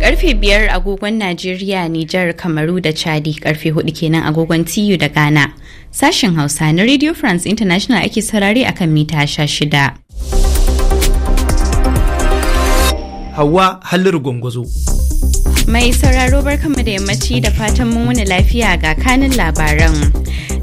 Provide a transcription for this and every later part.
karfe biyar agogon Najeriya, Nijar, Kamaru da Chadi karfe hudu kenan agogon TU da Ghana. Sashen Hausa na Radio France International ake sarari akan mita sha shida. Hawa Halliru Gwangwazo. Mai sauraro kama da yammaci da fatan mun wani lafiya ga kanin labaran.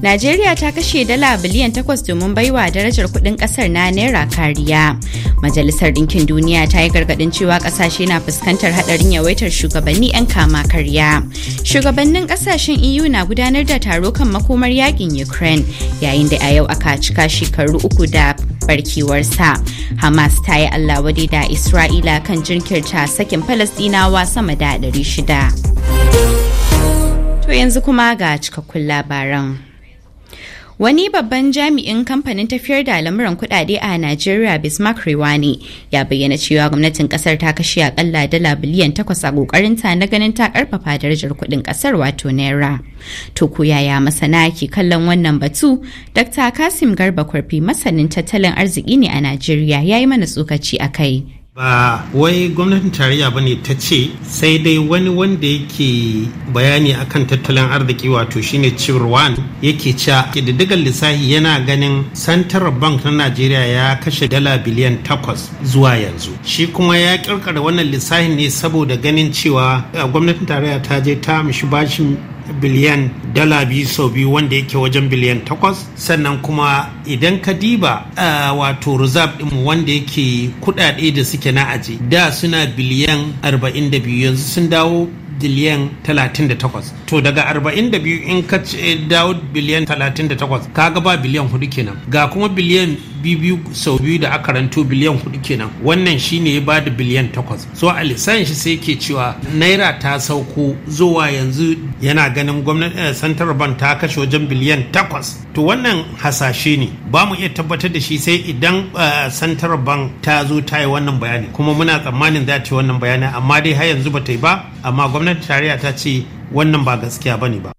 Najeriya ta kashe dala biliyan takwas domin baiwa darajar kuɗin ƙasar na naira kariya. Majalisar Dinkin Duniya ta yi gargaɗin cewa ƙasashe na fuskantar haɗarin yawaitar shugabanni 'yan kama karya. Shugabannin ƙasashen EU na gudanar da taro kan makomar yakin Ukraine yayin da a yau aka cika shekaru uku da barkewarsa. Hamas ta yi Allah wade da Isra'ila kan jinkirta sakin Falasɗinawa sama da 600. To yanzu kuma ga cikakkun labaran. Wani babban jami'in kamfanin tafiyar da lamuran kudade a Najeriya Bismarck Rewani ya bayyana cewa gwamnatin kasar ta kashe akalla dala biliyan takwas a kokarinta na ganin ta karfafa darajar kudin kasar wato naira. To ku yaya masana ke kallon wannan batu? Dr. Kasim Garba Kwarfi masanin tattalin arziki ne a Najeriya ya yi mana tsokaci a kai. ba wai gwamnatin tarayya ba ne, ta ce sai dai wani wanda yake bayani akan tattalin arziki wato shine cirwan yake cewa kididdigar lissafi yana ganin central bank na najeriya ya kashe dala biliyan takwas zuwa yanzu shi kuma ya kirkara wannan lissafin ne saboda ganin cewa gwamnatin tarayya ta je ta mishi bashin biliyan dala biyu sau biyu wanda yake wajen biliyan takwas sannan kuma idan ka diba wato reserve din wanda yake kudade da suke na aji da suna biliyan 42 yanzu sun dawo biliyan 38 to daga 42 in ka ce dawo biliyan 38 kaga ba biliyan hudu kenan ga kuma biliyan biyu sau biyu da aka ranto biliyan hudu kenan wannan shi ne ya ba da biliyan takwas so a lissan shi sai ke cewa naira ta sauko zuwa yanzu yana ganin gwamnati eh, central bank ta kashe wajen biliyan takwas to wannan hasashe ne ba mu iya tabbatar da shi sai idan eh, central bank ta zo ta yi wannan bayani kuma muna tsammanin za ta yi wannan bayani amma dai har yanzu ba ta yi ba amma gwamnati tarayya ta ce wannan ba gaskiya ba ne ba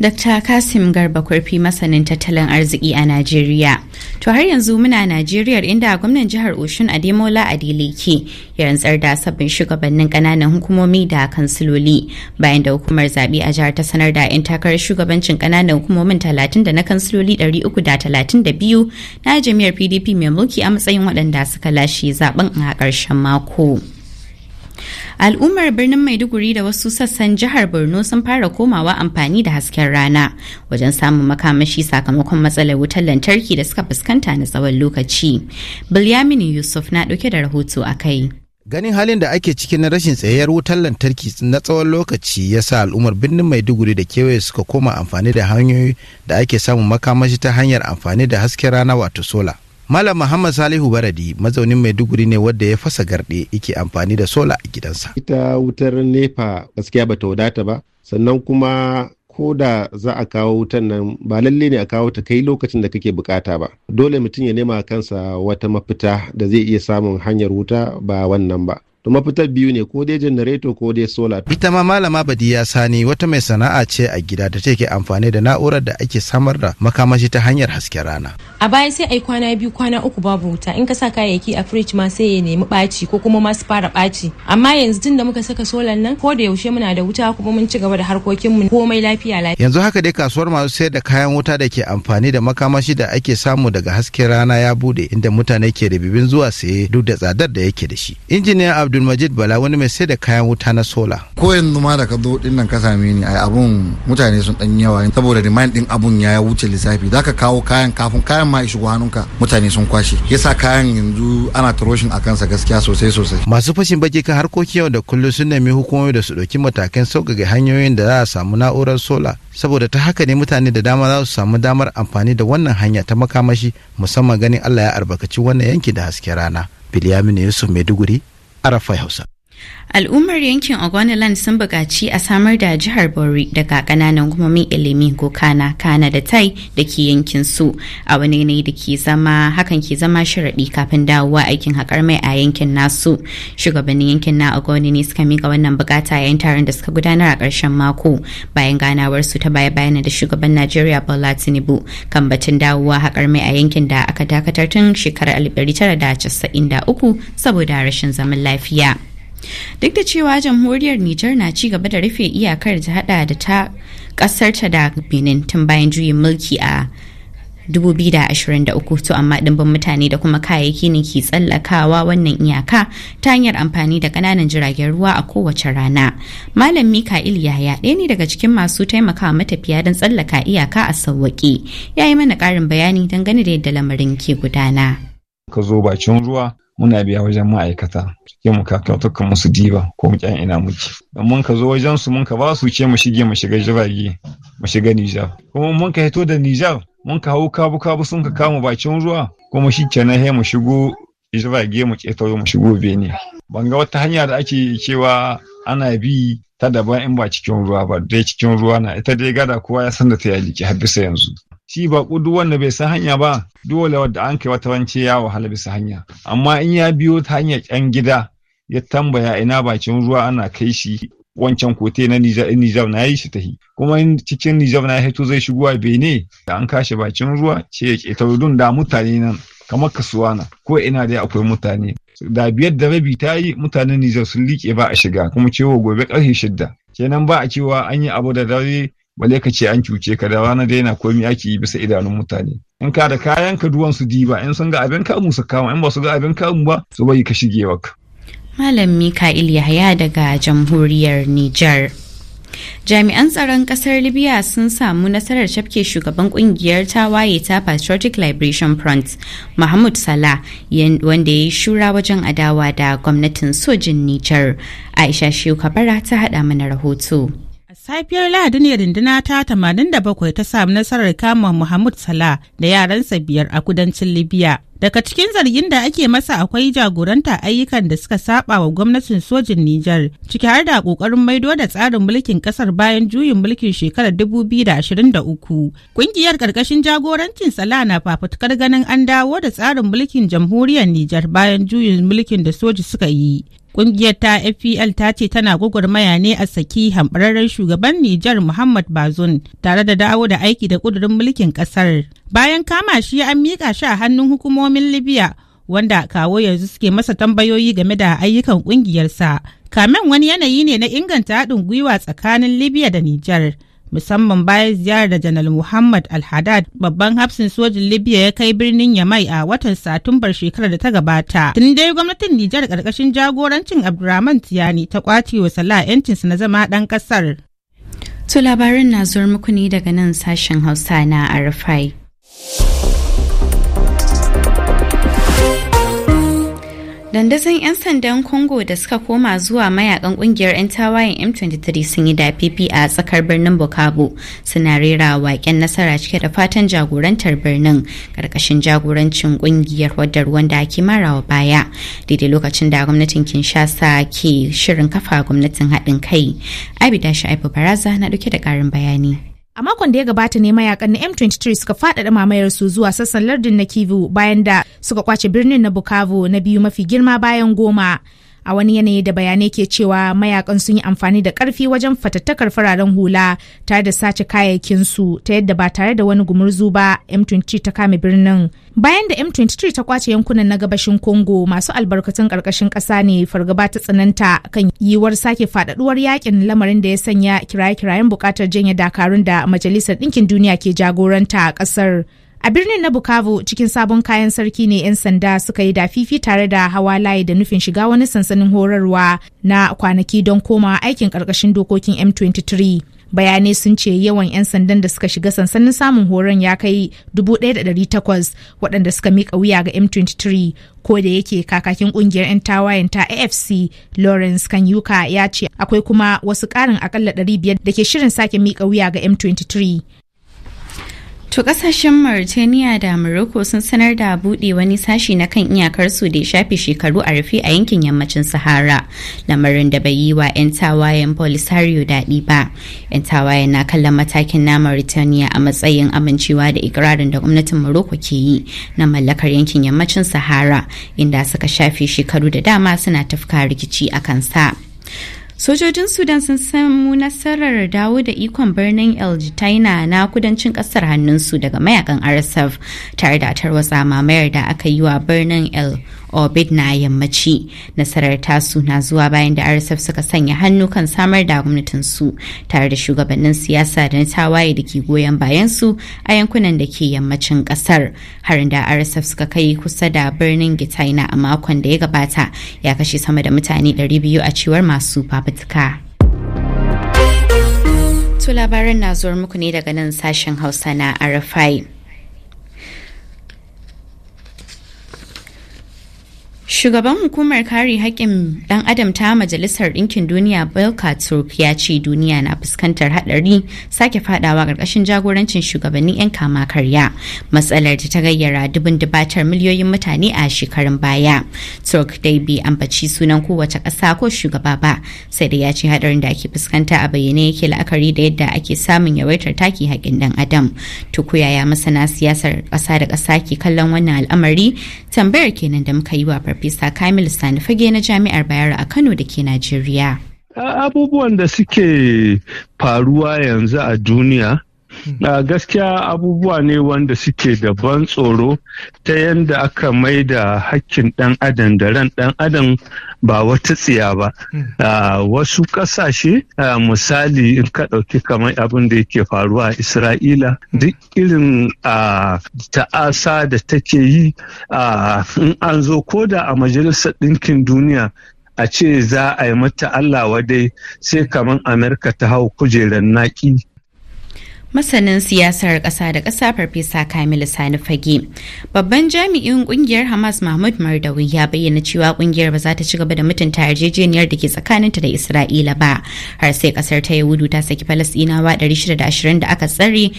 Dr. Kasim Garba Kurfi masanin tattalin arziki a Najeriya. To har yanzu muna Najeriya inda gwamnan jihar Oshun Ademola Adeleke ya rantsar da sabbin shugabannin kananan hukumomi da kansiloli bayan da hukumar zaɓe a jihar ta sanar da 'yan takarar shugabancin kananan hukumomin 30 da na kansiloli 332 na jami'ar PDP mai mulki a matsayin waɗanda suka lashe zaben a ƙarshen mako. Al'ummar birnin Maiduguri da wasu sassan jihar Borno sun fara komawa amfani da hasken rana wajen samun makamashi sakamakon matsalar wutar lantarki da suka fuskanta na tsawon lokaci. Bilyamini Yusuf na ɗauke da rahoto a kai. ganin halin da ake cikin na rashin tsayayyar wutar lantarki na tsawon lokaci ya sa al'ummar birnin maiduguri da kewaye suka koma amfani da hanyoyi da ake samun makamashi ta hanyar amfani da hasken rana wato sola Malam Muhammad Salihu Baradi mazaunin Maiduguri ne wadda ya fasa garɗe yake amfani da sola a gidansa. Ita wutar nefa gaskiya bata wadata ba sannan kuma ko da za a kawo wutan nan ba lalle ne a kawo ta kai lokacin da kake bukata ba dole mutum ya nema kansa wata mafita da zai iya samun hanyar wuta ba wannan ba to mafitar biyu ne ko dai janareto ko dai solar ita ma malama badiya sani wata mai sana'a ce a gida da take amfani da na'urar da ake samar da makamashi ta hanyar hasken rana a baya sai ai kwana biyu kwana uku babu wuta in ka sa kayayyaki a fridge ma sai ya nemi ɓaci ko kuma ma su fara ɓaci amma yanzu tun da muka saka solar nan ko da yaushe muna da wuta kuma mun ci gaba da harkokin harkokinmu komai lafiya lafiya yanzu haka dai kasuwar masu sayar da kayan wuta da ke amfani da makamashi da ake samu daga hasken rana ya bude inda mutane ke da bibin zuwa saye duk da tsadar da yake da shi injiniya abdulmajid bala wani mai sai da kayan wuta na sola ko yanzu ma da ka zo din ka same ni ai abun mutane sun dan yawa saboda demand din abun ya wuce lissafi za ka kawo kayan kafin kayan ma shigo hannunka mutane sun kwashe yasa kayan yanzu ana turoshin a kansa gaskiya sosai sosai masu fashin baki kan harkokin yau da kullum sun nemi hukumomi da su dauki matakan sauƙaƙe hanyoyin da za a samu na'urar sola saboda ta haka ne mutane da dama za su samu damar amfani da wannan hanya ta makamashi musamman ganin Allah ya albarkaci wannan yanki da hasken rana. Biliyamin Yusuf Maiduguri RFI Hausa. Al'ummar yankin Ogoniland sun buƙaci a samar da jihar Bori daga kananan hukumomin ilimi ko kana kana da tai da ke yankin su a wani ne da ke zama hakan ke zama sharaɗi kafin dawowa aikin haƙar mai a yankin nasu. Shugabannin yankin na Ogoni ne suka mika wannan buƙata yayin taron da suka gudanar a ƙarshen mako bayan ganawar su ta baya bayan da shugaban Najeriya Bola Tinubu kan batun dawowa haƙar mai a yankin da aka dakatar tun shekarar 1993 saboda rashin zaman lafiya. duk da cewa jamhuriyar nijar na ci gaba da rufe iyakar ta hada da ta kasarta da benin tun bayan juyin mulki a 2023 to amma dimbin mutane da kuma kayayyaki ne ke tsallakawa wannan iyaka ta hanyar amfani da kananan jiragen ruwa a kowace rana malam mika'il yaya ɗaya ne daga cikin masu taimakawa matafiya don tsallaka iyaka a sauwaƙe ya yi mana ƙarin bayani dangane da yadda lamarin ke gudana ka zo bakin ruwa muna biya wajen ma'aikata suke mu kakautukan musu diba ko mu kyan ina muke don mun ka zo wajen su mun ka ba su ce mu shige mu shiga jirage mu shiga Nijar kuma mun ka hito da Nijar mun ka hau kabu kabu sun ka kama bakin ruwa kuma shi kenan he mu shigo jirage mu ƙetaro mu shigo Benin ban ga wata hanya da ake cewa ana bi ta daban in ba cikin ruwa ba dai cikin ruwa na ita dai gada kowa ya san da ta ya ki har yanzu shi ba duk wanda bai san hanya ba dole wadda an kai wata wance ya wahala bisa hanya amma in ya biyo ta hanyar 'yan gida ya tambaya ina bakin ruwa ana kai shi wancan kote na Nijar na yi shi tahi kuma in cikin Nijar na hito zai shigo a bene? da an kashe bakin ruwa ce ya ƙetarudun da mutane nan kamar kasuwa na ko ina dai akwai mutane da biyar da rabi ta yi mutanen Nijar sun liƙe ba a shiga kuma cewa gobe ƙarfe shidda kenan ba a cewa an yi abu da dare bale ka ce an cuce ka da rana daina komi ake yi bisa idanun mutane in ka da kayan ka duwan su diba in sun ga abin kamu su kama in ba su ga abin kamu ba su bari ka shige waka Malam Mika'il Yahaya daga Jamhuriyar Niger. Jami'an tsaron kasar Libya sun samu nasarar shafke shugaban kungiyar tawaye ta Patriotic Liberation Front, Mahmud Salah, wanda ya yi shura wajen adawa da gwamnatin sojin niger Aisha shekabara ta haɗa mana rahoto. Safiyar Lahadi ne rinduna ta 87 ta samu nasarar kama Muhammad Salah da yaransa biyar a kudancin Libya. Daga cikin zargin da ake masa akwai jagoranta ayyukan da suka saba wa gwamnatin sojin Nijar, ciki har da kokarin maido da tsarin mulkin kasar bayan juyin mulkin shekarar 2023. ƙungiyar karkashin jagorancin Salah na fafutukar ganin an dawo da tsarin mulkin jamhuriyar Nijar bayan juyin mulkin da soji suka yi. Ƙungiyar ta FPL ta ce tana gwagwarmaya ne a saki hambararren shugaban Nijar Muhammad Bazun, tare da dawo da aiki da ƙudurin mulkin ƙasar. Bayan kama shi an miƙa shi a hannun hukumomin Libya wanda kawo yanzu suke masa tambayoyi game da ayyukan ƙungiyarsa, Kamen wani yanayi ne na inganta haɗin gwiwa tsakanin Libya da Nijar. musamman bayan ziyarar da janar muhammad al-haddad babban hafsin sojin libya ya kai birnin yamai a watan satumbar shekarar da ta gabata tun dai gwamnatin nijar karkashin jagorancin abdurrahman tiyani ta kwace wa salah yancinsa na zama dan kasar to labarin na zuwa muku ne daga nan sashen hausa na arafai Dandazon 'yan sandan Congo da suka koma zuwa mayakan kungiyar 'yan tawayen M23 sun yi dafifi a tsakar birnin Bukavu suna rera waƙen nasara cike da fatan jagorantar birnin ƙarƙashin jagorancin kungiyar wadda da ake marawa baya daidai lokacin da gwamnatin Kinshasa ke shirin kafa gwamnatin haɗin kai. Abida Sha'ibu Baraza na ɗauke da ƙarin bayani. A makon da ya gabata ne mayakan na M23 suka faɗaɗa mamayar su zuwa sassan lardin na Kivu bayan da suka kwace birnin na Bukavu na biyu mafi girma bayan goma. a wani yanayi da bayanai ke cewa mayakan sun yi amfani da karfi wajen fatattakar fararen hula tare da sace kayayyakinsu ta yadda ba tare da wani gumurzu ba M23 ta kame birnin. Bayan da M23 ta kwace yankunan na gabashin Congo masu albarkatun karkashin ƙasa ne fargaba ta tsananta kan yiwuwar sake faɗaɗuwar yakin lamarin da ya sanya kiraye-kirayen bukatar janye dakarun da Majalisar Ɗinkin Duniya ke jagoranta a ƙasar. A birnin na Bukavu cikin sabon kayan sarki ne 'yan sanda suka yi dafifi tare da hawa layi da nufin shiga wani sansanin horarwa na kwanaki don koma aikin ƙarƙashin dokokin M23. Bayanai sun ce yawan 'yan sandan da suka shiga sansanin samun horon ya kai 1,800 waɗanda suka miƙa wuya ga M23 ko da yake kakakin ƙungiyar 'yan tawayen ta AFC Lawrence Kanyuka ya ce akwai kuma wasu ƙarin akalla 500 da ke shirin sake miƙa wuya ga M23. To kasashen Mauritania da Morocco sun sanar da buɗe wani sashi na kan iyakarsu da ya shafe shekaru a rufe a yankin yammacin Sahara, lamarin da bai yi wa 'yan tawayen Polisario daɗi ba. 'Yan tawayen na kallon matakin na Mauritania a matsayin amincewa da ikirarin da gwamnatin Morocco ke yi na mallakar yankin yammacin Sahara, inda suka shafe shekaru da dama suna tafka rikici a kansa. Sojojin Sudan sun samu nasarar dawo da ikon birnin eljitaina na kudancin kasar hannunsu daga mayakan RSF tare da tarwatsa mamayar da aka yi wa birnin El obid na yammaci nasarar tasu na zuwa bayan da rsf suka sanya hannu kan samar da gwamnatin su tare da shugabannin siyasa da na tawaye da ke goyon bayan su a yankunan da ke yammacin kasar harin da rsf suka kai kusa da birnin gitaina a makon da ya gabata ya kashe sama da mutane 200 a cewar masu fafutuka. To labaran na zuwar muku ne daga nan sashen Hausa na Arafai. Shugaban hukumar kare haƙƙin ɗan adam ta Majalisar Ɗinkin Duniya Belka Turk ya ce duniya na fuskantar haɗari sake fadawa ƙarƙashin jagorancin shugabannin 'yan kama karya. Matsalar da ta gayyara dubin dubatar miliyoyin mutane a shekarun baya. Turk dai bai ambaci sunan kowace ƙasa ko shugaba ba, sai da ya ce haɗarin da ake fuskanta a bayyane yake la'akari da yadda ake samun yawaitar taki haƙƙin ɗan adam. Tukuyaya masana siyasar ƙasa da ƙasa ke kallon wannan al'amari tambayar kenan da muka yi wa farfesa kamil sani fage na jami'ar bayero a kano da ke najeriya abubuwan da suke faruwa yanzu a duniya gaskiya abubuwa ne wanda suke da ban tsoro ta yadda aka mai da hakkin ɗan adam da ran ɗan adam ba wata tsiya ba hmm. wasu ƙasashe misali in ka ɗauki kamar abin da yake faruwa a isra'ila hmm. duk irin ta'asa da take yi in an zo ko da a majalisar ɗinkin duniya a ce za a yi mata Allah wadai sai kamar Amerika ta hau kujerar naki masanin siyasar ƙasa da ƙasa farfesa kamilu sani fage babban jami'in ƙungiyar hamas mahmud mardawi ya bayyana cewa ƙungiyar ba za ta ci gaba da mutunta yarjejeniyar da ke tsakaninta da isra'ila ba har sai ƙasar ta yahudu ta saki falasɗinawa 620 da aka tsare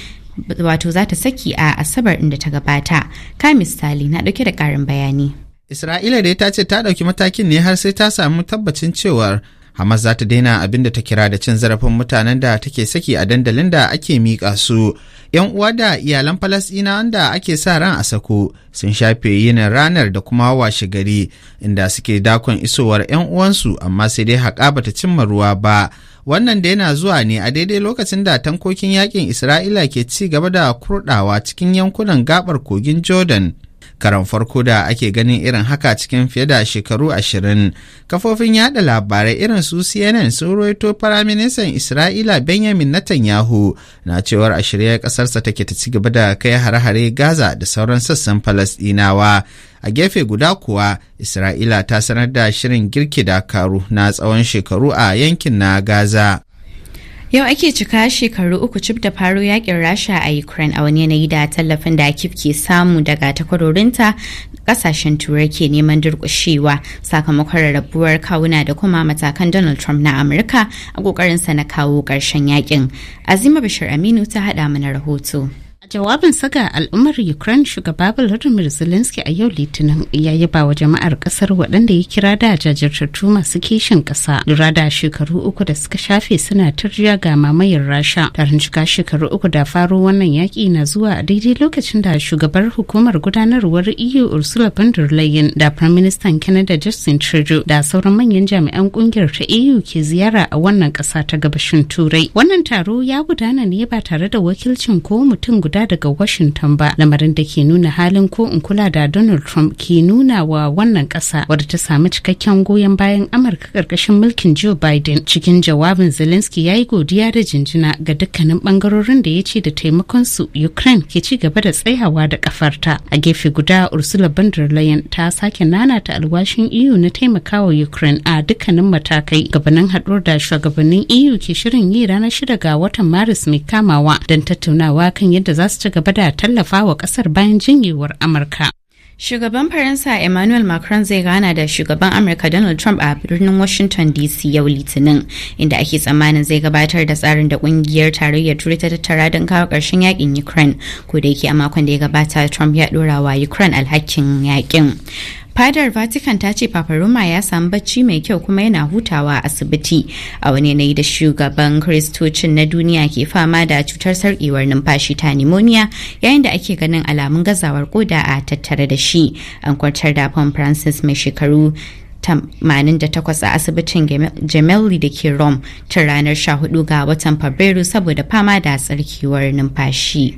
wato za ta saki a asabar inda ta gabata kamis sali na ɗauke da karin bayani isra'ila dai ta ce ta ɗauki matakin ne har sai ta samu tabbacin cewar Hamas za ta daina abin da ta kira da cin zarafin mutanen da take saki a dandalin da ake miƙa su. ‘Yan uwa da iyalan Falasɗina da ake sa ran a sako sun shafe yinin ranar da kuma washe gari inda suke dakon isowar ‘yan uwansu amma sai dai haƙa ba ta cimma ruwa ba. Wannan da yana zuwa ne a daidai lokacin da tankokin yakin Isra'ila ke ci gaba da kurɗawa cikin yankunan gaɓar kogin Jordan. karan farko da ake ganin irin haka cikin fiye da shekaru ashirin kafofin yada labarai irin su cnn sun roito firaministan isra'ila benjamin netanyahu na cewar a shirya kasarsa take ta ci gaba da kai hare-hare gaza da sauran sassan falasdinawa a gefe guda kuwa isra'ila ta sanar da shirin girki dakaru na tsawon shekaru a yankin na gaza Yau ake cika shekaru uku cif da faro yakin Rasha a Ukraine a wani yanayi da tallafin da Kiev ke samu daga takwarorinta kasashen turai ke neman durƙushewa sakamakon rarrabuwar kawuna da kuma matakan Donald Trump na Amurka a ƙoƙarinsa na kawo ƙarshen yakin. Azima Bashir Aminu ta haɗa mana rahoto. jawabin saka al'ummar ukraine shugaba volodymyr zelensky a yau litinin ya yabawa wa jama'ar kasar waɗanda ya kira da jajirtattu masu kishin ƙasa lura da shekaru uku da suka shafe suna turjiya ga mamayar rasha taron cika shekaru uku da faro wannan yaƙi na zuwa a daidai lokacin da shugabar hukumar gudanarwar eu ursula von der leyen da prime minister canada justin trudeau da sauran manyan jami'an ƙungiyar ta eu ke ziyara a wannan ƙasa ta gabashin turai wannan taro ya gudana ne ba tare da wakilcin ko mutum guda yarda daga Washington ba lamarin da ke nuna halin ko in kula da Donald Trump ke nuna wa wannan ƙasa wadda ta samu cikakken goyon bayan Amurka ƙarƙashin mulkin Joe Biden cikin jawabin Zelensky ya yi godiya da jinjina ga dukkanin bangarorin da ya ce da taimakon su Ukraine ke ci gaba da tsayawa da kafarta. A gefe guda Ursula von der Leyen ta sake nana ta alwashin EU na taimakawa Ukraine a dukkanin matakai gabanin haɗuwar da shugabannin EU ke shirin yi ranar shida ga watan Maris mai kamawa don tattaunawa kan yadda za masu su ci gaba da tallafa wa kasar bayan jinyewar Amurka. Shugaban Faransa Emmanuel Macron zai gana da shugaban Amurka Donald Trump a birnin Washington DC yau Litinin, inda ake tsammanin zai gabatar da tsarin da kungiyar tarayyar Turai ta tattara don kawo ƙarshen yakin Ukraine, ko da yake a makon da ya gabata Trump ya dorawa wa Ukraine alhakin yakin. fadar vatican ta ce roma ya samu bacci mai kyau kuma yana hutawa a asibiti a wani yanayi da shugaban kristocin na duniya ke fama da cutar sarkewar numfashi ta pneumonia yayin da ake ganin alamun gazawar koda a tattare da shi an kwantar da pom francis mai shekaru 88 a asibitin gemelli da ke rome tun ranar 14 ga watan fabrairu saboda fama da tsarkewar numfashi.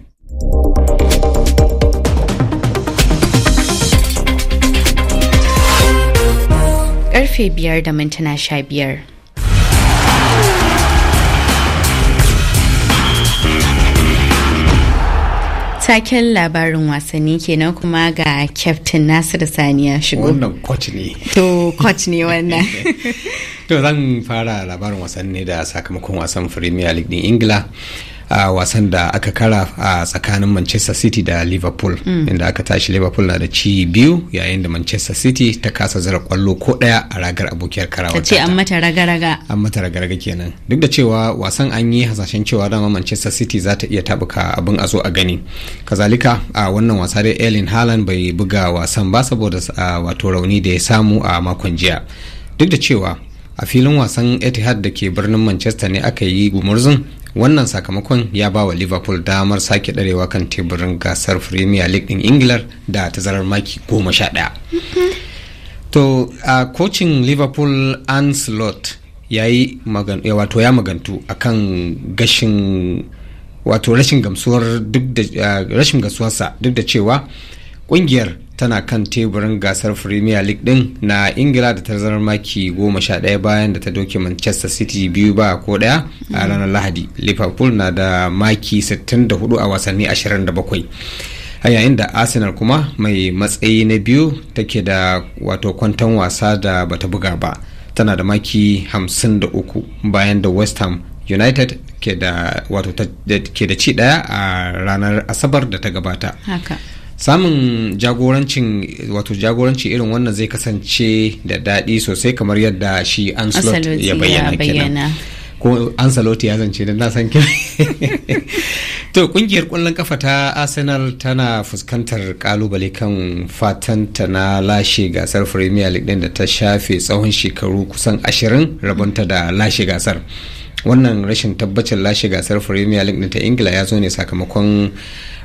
karfe 5 da mintuna 15. taken labarin wasanni kenan kuma ga Captain nasiru sani ya shigo wannan coach ne to coach ne wannan to zan fara labarin wasanni da sakamakon wasan premier league din ingila a wasan da aka kara a tsakanin manchester city da liverpool mm. inda aka tashi liverpool na da ci biyu yayin da manchester city ta kasa zara kwallo ko daya a ragar abokiyar karawa ta ce an mata raga an mata raga kenan duk da cewa wasan an yi hasashen cewa dama manchester city za ta iya tabuka abin a zo a gani kazalika a wannan wasa dai erling haaland bai buga wasan ba saboda wato rauni da ya samu a makon jiya duk da cewa a filin wasan etihad da ke birnin manchester ne aka yi gumurzun wannan sakamakon ya ba wa liverpool damar sake ɗarewa kan teburin gasar premier league ɗin ingilar da tazarar maki goma sha ɗaya to a uh, kocin liverpool anslot ya yi wato ya magantu akan gashin wato rashin gamsuwar duk da rashin gamsuwarsa duk da cewa kungiyar tana kan teburin gasar premier league din na ingila da tazarar maki goma sha ɗaya bayan da ta doke manchester city biyu ba ko ɗaya a mm. ranar lahadi liverpool na da maki 64 a wasanni 27 a yayin da arsenal kuma mai matsayi na biyu take da wato kwanton wasa da bata buga ba tana da maki 53 bayan da west ham united ke da wato ke da ci daya a ranar asabar da ta gabata samun jagorancin wato jagoranci irin wannan zai kasance da daɗi sosai kamar yadda shi anslot ya bayyana kenan ko ansaloti ya zance da nasan kenan to kungiyar kwallon kafa ta arsenal tana fuskantar kalubale kan fatan ta na lashe gasar premier league din da ta shafe tsawon shekaru kusan ashirin rabonta da lashe gasar wannan rashin tabbacin lashe gasar premier league ta ingila ya zo ne sakamakon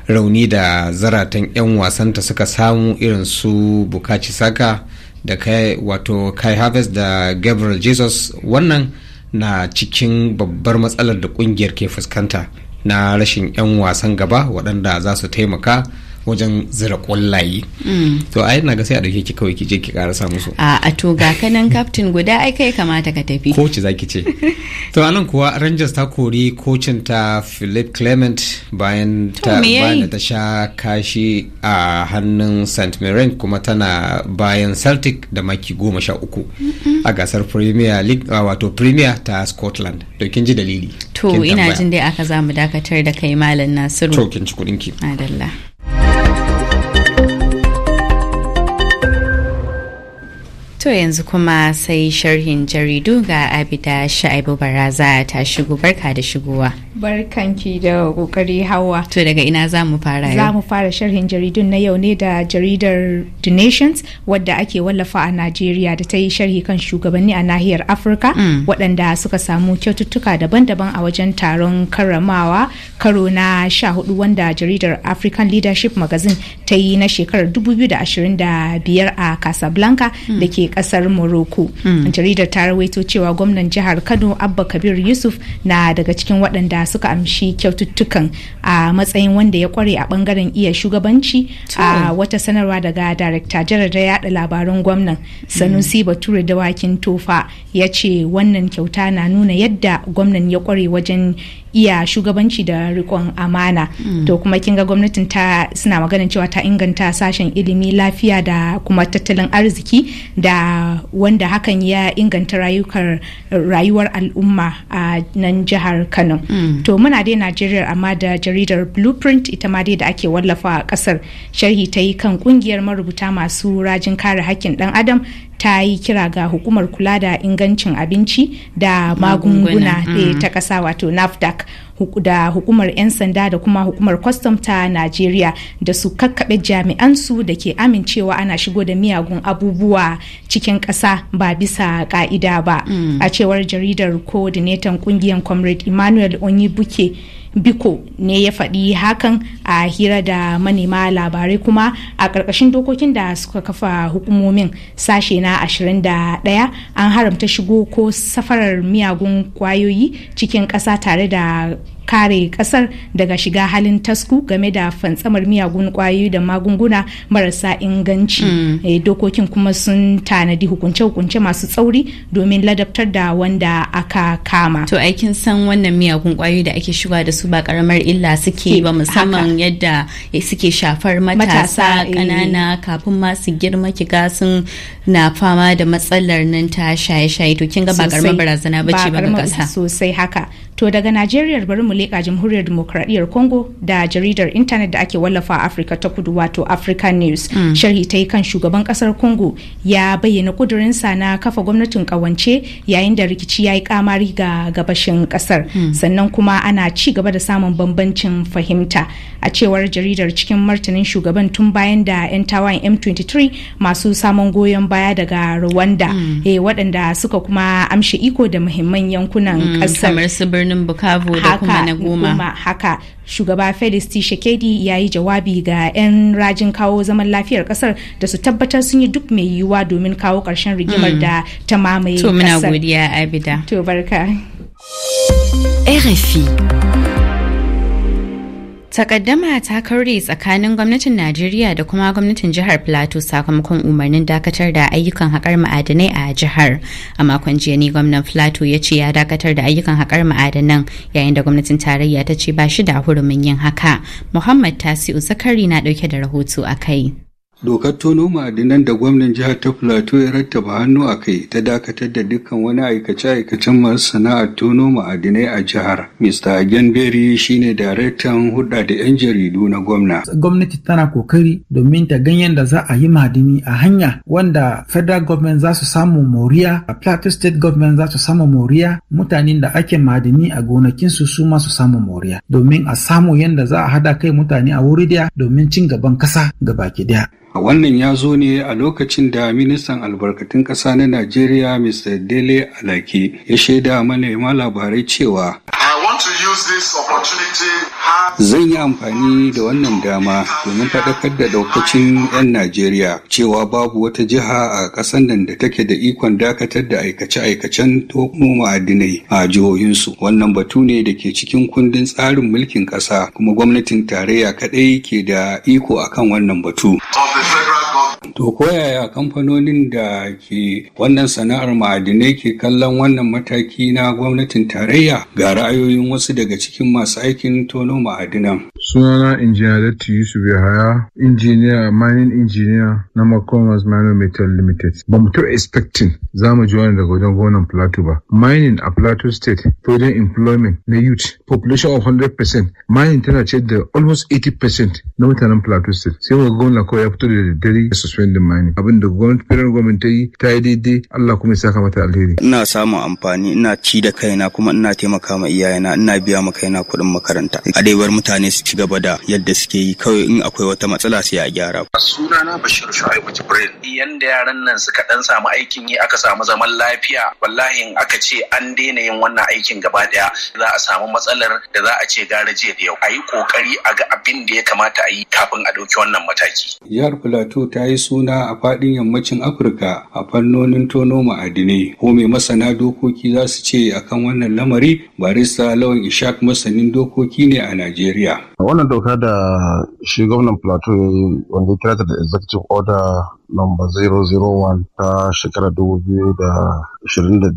rauni da zaratan 'yan wasanta suka samu irin su bukaci saka da kai wato kai harvest da gabriel jesus wannan na cikin babbar matsalar da kungiyar ke fuskanta na rashin 'yan wasan gaba waɗanda za su taimaka wajen zira kwallaye mm. to ai na ga sai a dauke ki kawai ki je ki karasa musu a a to ga kanan captain guda ai kai kamata ka tafi koci zaki ce to anan kuwa Rangers ta kori kocin ta Philip Clement bayan ta bayan ta sha kashi a hannun St Mirren kuma tana bayan Celtic da maki goma sha uku a gasar Premier League wato Premier ta Scotland to kin ji dalili to ina jin dai aka zamu dakatar da kai malam Nasiru to kin ci kudin ki To yanzu kuma sai sharhin jaridu ga Abida Sha'ibu Baraza ta shigo barka da shigowa. Barkanki da kokari hawa. To daga ina za mu fara yau? Za mu fara sharhin jaridun na yau ne da jaridar The Nations wadda ake wallafa a Najeriya da ta yi sharhi kan shugabanni a nahiyar Afirka mm. waɗanda suka samu kyaututtuka daban-daban a wajen taron karramawa karo na sha hudu wanda jaridar African Leadership Magazine ta yi na shekarar 2025 a Casablanca mm. da ke ƙasar Morocco. Mm. Jaridar ta rawaito cewa gwamnan jihar Kano Abba Kabir Yusuf na daga cikin waɗanda suka amshi kyaututtukan a matsayin wanda ya kware a bangaren iya shugabanci a wata sanarwa daga darakta jarar da yada labaran gwamnan sanusi bature dawakin tofa ya ce wannan kyauta na nuna yadda gwamnan ya kware wajen iya shugabanci da rikon amana hmm. to kuma ga gwamnatin ta suna maganin cewa ta inganta sashen ilimi lafiya da kuma tattalin arziki da wanda hakan ya inganta rayuwar al'umma a nan jihar kano hmm. to muna dai najeriya amma da jaridar blueprint ita ma dai da ake wallafa a kasar sharhi ta yi kan kungiyar marubuta masu rajin kare hakkin dan adam ta yi kira ga hukumar kula da ingancin abinci da magunguna eh, mm. ta ƙasa wato nafdac da hukumar 'yan sanda da kuma hukumar kwastam ta najeriya da su kakkaɓe jami'ansu da ke amincewa ana shigo da miyagun abubuwa cikin ƙasa ba bisa ka'ida ba mm. a cewar jaridar coordinator ƙungiyar comrade emmanuel onyibuke biko ne ya faɗi hakan a hira da manema labarai kuma a ƙarƙashin dokokin da suka kafa hukumomin sashe na 21 an haramta shigo ko safarar miyagun kwayoyi cikin ƙasa tare da kare kasar daga shiga halin tasku game da fantsamar miyagun kwayoyi da magunguna marasa inganci e, dokokin kuma sun tanadi hukunce-hukunce masu tsauri domin ladabtar da wanda aka kama to aikin san wannan miyagun kwayoyi da ake shiga da su ba karamar illa suke ba musamman yadda suke shafar matasa eh. ƙanana kafin ma su girma kiga sun na fama da matsalar nan ta shaye-shaye to kin ga ba karamar barazana bace ba ga kasa sosai haka to daga Najeriya bari mu leƙa jamhuriyar demokradiyyar congo da jaridar intanet da ake wallafa a afirka ta kudu wato african news mm. sharhi ta yi kan shugaban kasar congo ya bayyana kudurinsa na kafa gwamnatin kawance yayin da rikici ya yi kamari ga gabashin kasar mm. sannan kuma ana ci gaba da samun bambancin fahimta a cewar jaridar cikin martanin shugaban tun bayan da 'yan tawayen m23 masu samun goyon baya daga rwanda mm. Eh, waɗanda suka kuma amshi iko da muhimman yankunan kasar mm, kamar su birnin bukavu da kuma na goma haka shugaba felix tshisekedi ya yi jawabi ga 'yan rajin kawo zaman lafiyar kasar da su tabbatar sun yi duk mai yiwuwa domin kawo ƙarshen rigimar mm. da ta mamaye kasar. to muna godiya abida to barka RFI Takaddama ta kauri tsakanin gwamnatin Najeriya da kuma gwamnatin jihar Plateau sakamakon umarnin dakatar da ayyukan haƙar ma'adanai a jihar. A makon jiya ne gwamnan Plateau ya ce ya dakatar da ayyukan haƙar ma'adanan yayin da gwamnatin tarayya ta ce ba shi da hurumin yin haka. Muhammad Tasi'u Zakari na ɗauke da rahoto a kai. Dokar tono ma'adinan da gwamnan jihar ta Plateau ya rattaba hannu a kai ta dakatar da dukkan wani aikace-aikacen masu sana'ar tono ma'adinai a jihar. Mr. Agenberry shine daraktan hudda da 'yan jaridu na gwamna. Gwamnati tana kokari domin ta ganyen da za a yi ma'adini a hanya wanda federal government za su samu moriya, a Plateau state government za su samu moriya, mutanen da ake ma'adini a gonakinsu su ma su samu moriya. Domin a samu yadda za a hada kai mutane a wuri daya domin cin gaban kasa baki daya. Wannan ya zo ne a lokacin da ministan albarkatun ƙasa na Najeriya Mr. Dele Alake ya shaida manema labarai cewa Zan yi amfani da wannan dama domin faɗakar da ɗaukacin 'yan Najeriya cewa babu wata jiha a ƙasar nan da take da ikon dakatar da aikace-aikacen tomo ma'adinai a jihohinsu. Wannan batu ne da ke cikin kundin tsarin mulkin ƙasa kuma gwamnatin tarayya kaɗai ke da iko akan wannan batu. To koyaya kamfanonin da ke wannan sana'ar ma'adinai ke kallon wannan mataki na gwamnatin tarayya ga ra'ayoyin wasu daga cikin masu aikin tono ma'adinan. Sunana injiniya Dattu Yusuf Yahaya, injiniya mining engineer na Makomas Mining Metal Limited. Ba mu taɓa expecting za mu ji wani daga wajen gwamnan Plateau ba. Mining a Plateau State, project employment na youth, population of 100%, mining tana ce da almost 80% na mutanen Plateau State. Sai mu ga gwamna kawai ya fito da daddare su suspending mining abin da gwamnati ta yi ta yi daidai Allah kuma ya saka mata alheri ina samun amfani ina ci da kaina kuma ina taimaka ma iyayena ina biya ma kaina kuɗin makaranta a dai bar mutane su ci gaba da yadda suke yi kawai in akwai wata matsala sai a gyara sunana Bashir Shu'aibu Jibril yanda yaran nan suka dan samu aikin yi aka samu zaman lafiya wallahi in aka ce an daina yin wannan aikin gaba daya za a samu matsalar da za a ce gara jiya da yau a yi kokari a ga abin da ya kamata a yi kafin a ɗauki wannan mataki. Yar Plateau ta yi suna a faɗin yammacin Afirka a fannonin tono ma'adinai. Ko mai masana dokoki za su ce akan wannan lamari barista lawan Ishak masanin dokoki ne a Najeriya. Wannan doka da shi gwamnan Plateau wanda ya kira da executive order lamba 001 ta shekarar 2025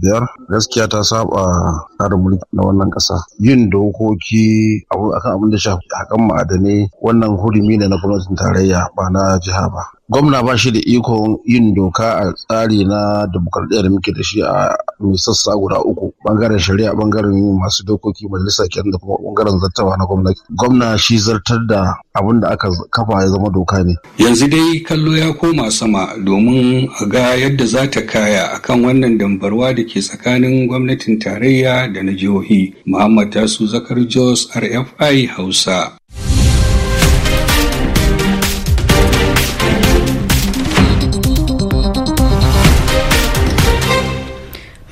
gaskiya ta saba tsarin mulki na wannan kasa yin dokoki akan abin da shafi hakan ma'adanai wannan hurumi ne na gwamnatin tarayya ba na jiha ba gwamna ba shi da ikon yin doka a tsari na demokradiyyar da muke da shi a sassa guda uku bangaren shari'a bangaren masu dokoki majalisa kenan da kuma bangaren zartawa na gwamnati gwamna shi zartar da abin da aka kafa ya zama doka ne yanzu dai kallo ya koma sama domin a ga yadda za ta kaya akan wannan dambarwa da ke tsakanin gwamnatin tarayya da na jihohi. Muhammad Tasu Zakar Jos RFI Hausa.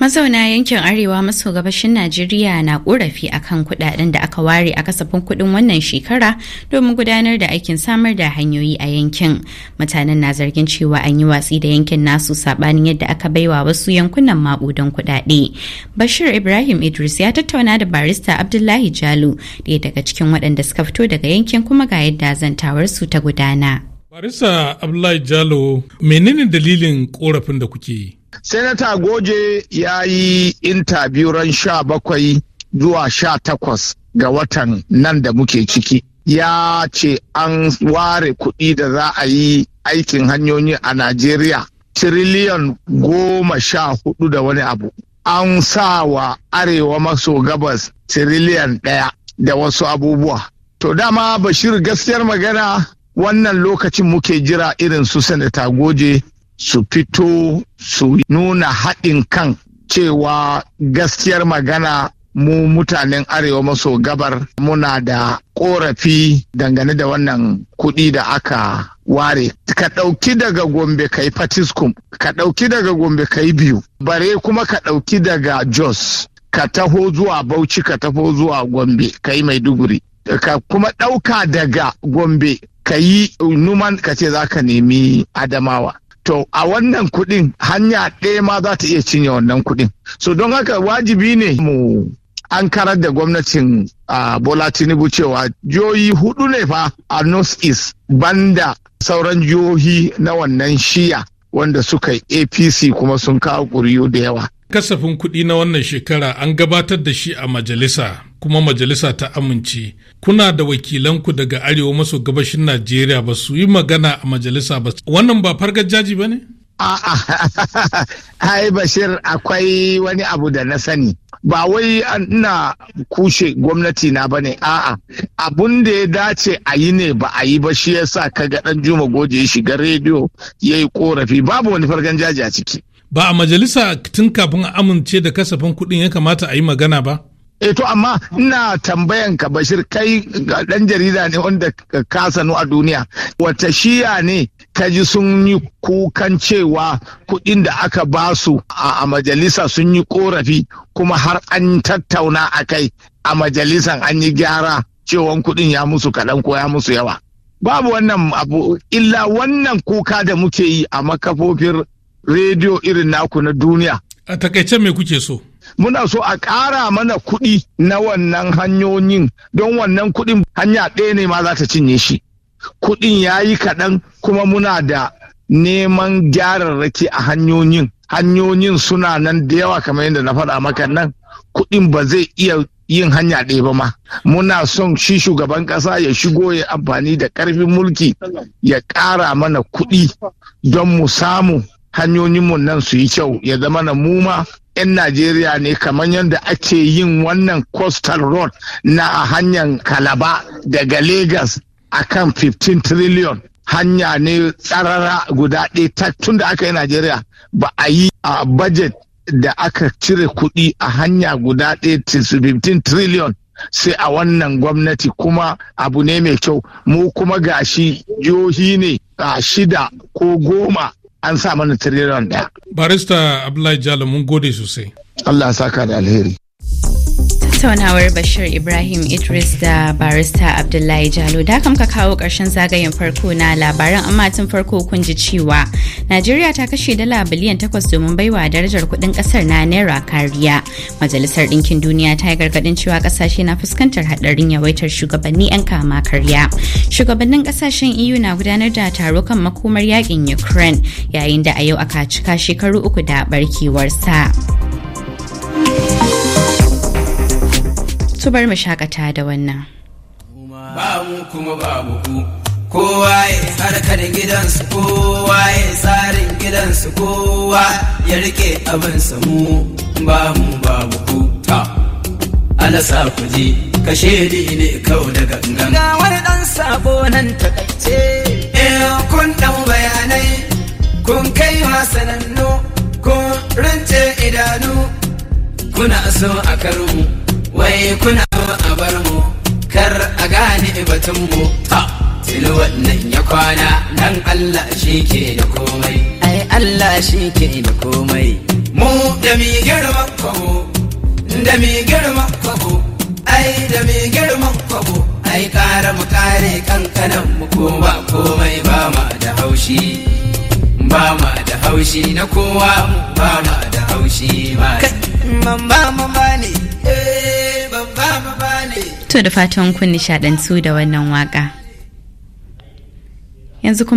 Mazauna yankin Arewa maso gabashin Najeriya na korafi akan kudaden da aka ware a kasafin kudin wannan shekara domin gudanar da aikin samar da hanyoyi a yankin. Mutanen na zargin cewa an yi watsi da yankin nasu sabanin yadda aka baiwa wasu yankunan maɓudan kudade. Bashir Ibrahim Idris ya tattauna da barista Abdullahi Jalu daya daga cikin waɗanda suka fito daga yankin kuma ga yadda zantawarsu ta gudana. Barista Abdullahi Jalo menene dalilin korafin da kuke yi? Senator Goje ya yi intabiyu ran sha bakwai zuwa sha takwas ga watan nan da muke ciki. Ya ce an ware kuɗi da za a yi aikin hanyoyi a Najeriya tiriliyan goma sha hudu da wani abu. An sa wa arewa maso gabas tiriliyan ɗaya da wasu abubuwa. To dama Bashir gaskiyar magana wannan lokacin muke jira irin su Senata Goje su fito su nuna haɗin kan cewa gaskiyar magana mu mutanen arewa maso gabar muna da ƙorafi dangane da wannan kuɗi da aka ware ka ɗauki daga gombe ka yi fatiskum ka ɗauki daga gombe ka yi biyu bare kuma ka ɗauki daga jos ka taho zuwa bauchi ka taho zuwa gombe ka yi maiduguri ka kuma ɗauka daga gombe ka yi numan ka ce za ka nemi adamawa to a wannan kuɗin hanya ɗaya ma za ta iya cinye wannan kuɗin so don haka wajibi ne mu an karar da gwamnatin a bola tinubu cewa jihohi hudu ne fa a north east banda sauran jihohi na wannan shiya wanda suka yi apc kuma sun kawo ƙuri'u da yawa kasafin kuɗi na wannan shekara an gabatar da shi a majalisa kuma majalisa ta amince kuna da wakilanku daga arewa maso gabashin najeriya ba su yi magana a majalisa ba wannan ba fargar jaji ba ne ai bashir akwai wani abu da na sani ba wai ina kushe gwamnati na bane a'a abun da ya dace a yi ne ba a yi ba shi yasa ga dan juma goje ya shiga rediyo ya yi korafi babu wani fargan jaji a ciki ba a majalisa tun kafin a amince da kasafin kuɗin ya kamata a yi magana ba E to amma ina tambayan ka Bashir kai dan jarida ne wanda ka sanu a duniya wata shiya ne ka ji sun yi kukan cewa kuɗin da aka ba su a majalisa sun yi korafi kuma har an tattauna a kai a majalisan an yi gyara cewan kuɗin ya musu kaɗan ko ya musu yawa. Babu wannan abu illa wannan kuka da muke yi a makafofin rediyo irin naku na duniya. A takaice me kuke so? muna so a ƙara mana kuɗi na wannan hanyoyin don wannan kuɗin hanya ɗaya ne ma za ta cinye shi kuɗin ya yi kaɗan kuma muna da neman gyararraki a hanyoyin hanyoyin suna nan da yawa kamar yadda na faɗa maka nan kuɗin ba zai iya yin hanya ɗaya ba ma muna son shi shugaban ƙasa ya shigo ya amfani da ƙarfin mulki ya ƙara mana kuɗi don mu samu hanyoyinmu nan su yi kyau ya zama na muma 'yan Najeriya ne kamar yadda ake yin wannan coastal road na a hanyar Kalaba daga Lagos a kan 15 trillion hanya ne tsarara guda ɗaya tun da aka yi Najeriya ba a yi a budget da aka cire kuɗi a hanya guda ɗaya 15 trillion sai a wannan gwamnati kuma abu ne mai kyau mu kuma gashi jihohi ne a shida ko goma an sa mana tiriliyon ɗaya. barista abdullahi jalo mun gode sosai allah saka da alheri tattaunawar bashir ibrahim idris da barista abdullahi jalo da ka kawo karshen zagayen farko na labaran amma tun farko kun ji cewa najeriya ta kashe dala biliyan takwas domin baiwa darajar kudin kasar na naira kariya majalisar ɗinkin duniya ta yi gargaɗin cewa ƙasashe na fuskantar haɗarin yawaitar shugabanni 'yan kama karya shugabannin ƙasashen eu na gudanar da taro kan makomar yakin ukraine yayin da a yau aka cika shekaru uku da barkewarsa. su bar mu shakata da wannan. Ba mu kuma ba mu ku, kowa ya harkar gidansu, kowa ya tsarin gidansu, kowa ya rike abin samu ba mu ba mu ku. sa ku ji, kashe ne kau da gangan. Ga wani ɗan sabo nan takaice. Eh kun ɗan bayanai, kun kai masanannu, kun rance idanu, kuna so a karu. wai kuna a bar mu kar a gane batun mu tilo wannan ya kwana nan Allah shi ke da komai ai Allah shi ke da komai mu da mi girma kwabo da mi girma kwabo ai da mi girma kwabo ai kare mu kare kankanan mu ba komai ba ma da haushi ba ma da haushi na kowa ba ma da haushi ba ma ma. To da fatan kun nishadantu da wannan waka. Yanzu kuma